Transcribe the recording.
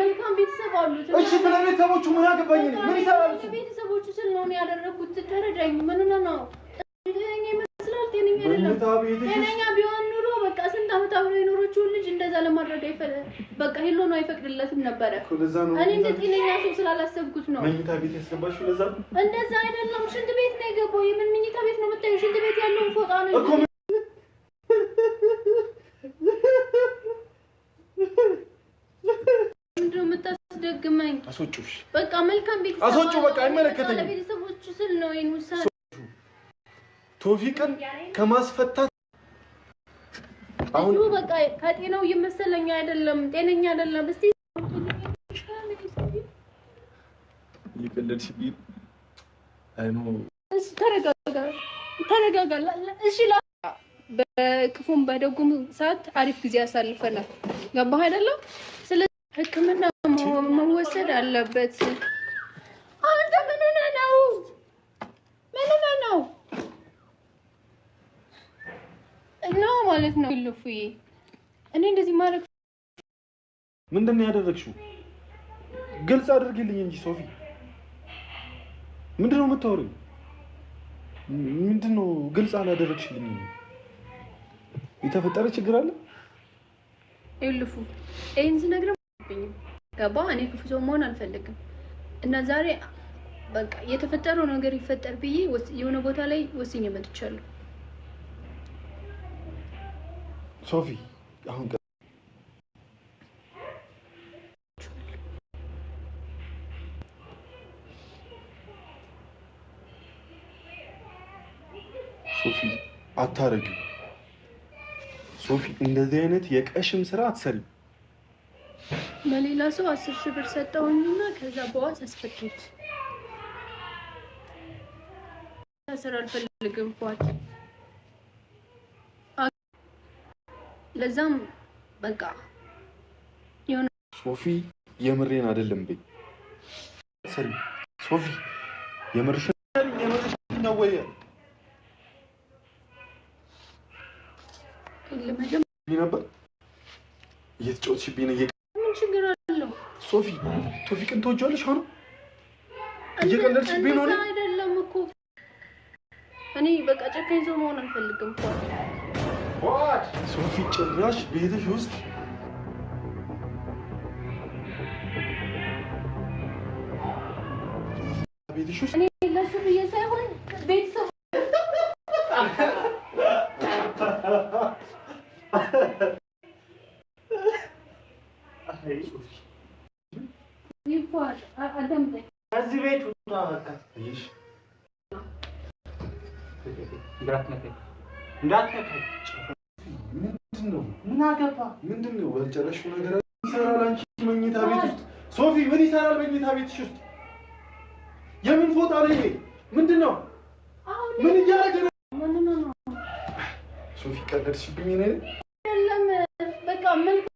መልካም ቤተሰብ አሉት። እሺ ስለ ቤተሰቦቹ ምን አገባኝ? ምን ይሰራሉ? ቤተሰቦቹ ስለሆነ ያደረኩት ተረዳኝ። ምን ነው ጤነኛ ይመስላል? ጤነኛ አይደለም። ጤነኛ ቢሆን ኑሮ በቃ ስንት ዓመት አብሮ የኖረችውን ልጅ እንደዛ ለማድረግ አይፈለ በቃ ሄሎ ነው አይፈቅድለትም ነበረ። እኔ እንደ ጤነኛ ሰው ስላላሰብኩት ነው። መኝታ ቤት ያስገባሽው ለዛ እንደዛ አይደለም። ሽንት ቤት ነው የገባው። የምን መኝታ ቤት ነው የምታየው? ሽንት ቤት ያለውን ፎጣ ነው እኔን አስወጪው። በቃ መልካም ቤተሰብ አስወጪው። በቃ አይመለከተኝም። ቤተሰቦቹ ስል ነው ይሄን ውሳኔ ቶፊቅን ከማስፈታት አሁን በቃ ከጤናው እየመሰለኝ አይደለም፣ ጤነኛ አይደለም። እስቲ ተረጋጋ፣ ተረጋጋ። እሺ በክፉም በደጉም ሰዓት አሪፍ ጊዜ አሳልፈናል ገባህ አይደለም? ስለዚህ ሕክምና መወሰድ አለበት። አንተ ምን ሆነህ ነው? ምን ሆነህ ነው? እና ማለት ነው ልፉዬ፣ እኔ እንደዚህ ማድረግ ምንድን ነው ያደረግሽው? ግልጽ አድርግልኝ እንጂ ሶፊ፣ ምንድን ነው የምታወሪው? ምንድን ነው ግልጽ አላደረግሽልኝ? የተፈጠረ ችግር አለ? ይልፉ ይህን ስነግረው ገባ። እኔ ክፉ ሰው መሆን አልፈልግም እና ዛሬ በቃ የተፈጠረው ነገር ይፈጠር ብዬ የሆነ ቦታ ላይ ወስኜ መጥቻለሁ። ሶፊ አሁን ሶፊ አታረጊ። ሶፊ እንደዚህ አይነት የቀሽም ስራ አትሰሪም። ለሌላ ሰው አስር ሺህ ብር ሰጠውኝና ከዛ በዋስ አስፈቱት። ታሰር አልፈልግም ፏት ለዛም በቃ የሆነ ሶፊ የምሬን አይደለም ብኝ ሰሪ ሶፊ የምርሽ ነው ወይ ነበር እየተጫወትሽብኝ ነው ሶፊ ቶፊቅን ትወጂዋለሽ? ሆኖ እየቀለድሽብኝ ነው። አይደለም እኮ እኔ በቃ ጨካኝ ሰው መሆን አልፈልግም። ሶፊ ጭራሽ ቤትሽ ውስጥ ቤትሽ ውስጥ እኔ ለሱ ብዬ ሳይሆን ቤተሰብ ከዚህ ቤት ውጣ። ምን አገባ? ምንድን ነው ያልጨረሽው ነገር? ይሰራል አንቺ መኝታ ቤት ውስጥ ሶፊ፣ ምን ይሰራል መኝታ ቤትሽ ውስጥ? የምን ፎጣ ነው ይሄ? ምንድን ነው? ምን እያደረገ ነው? ሶፊ ቀለድሽብኝ።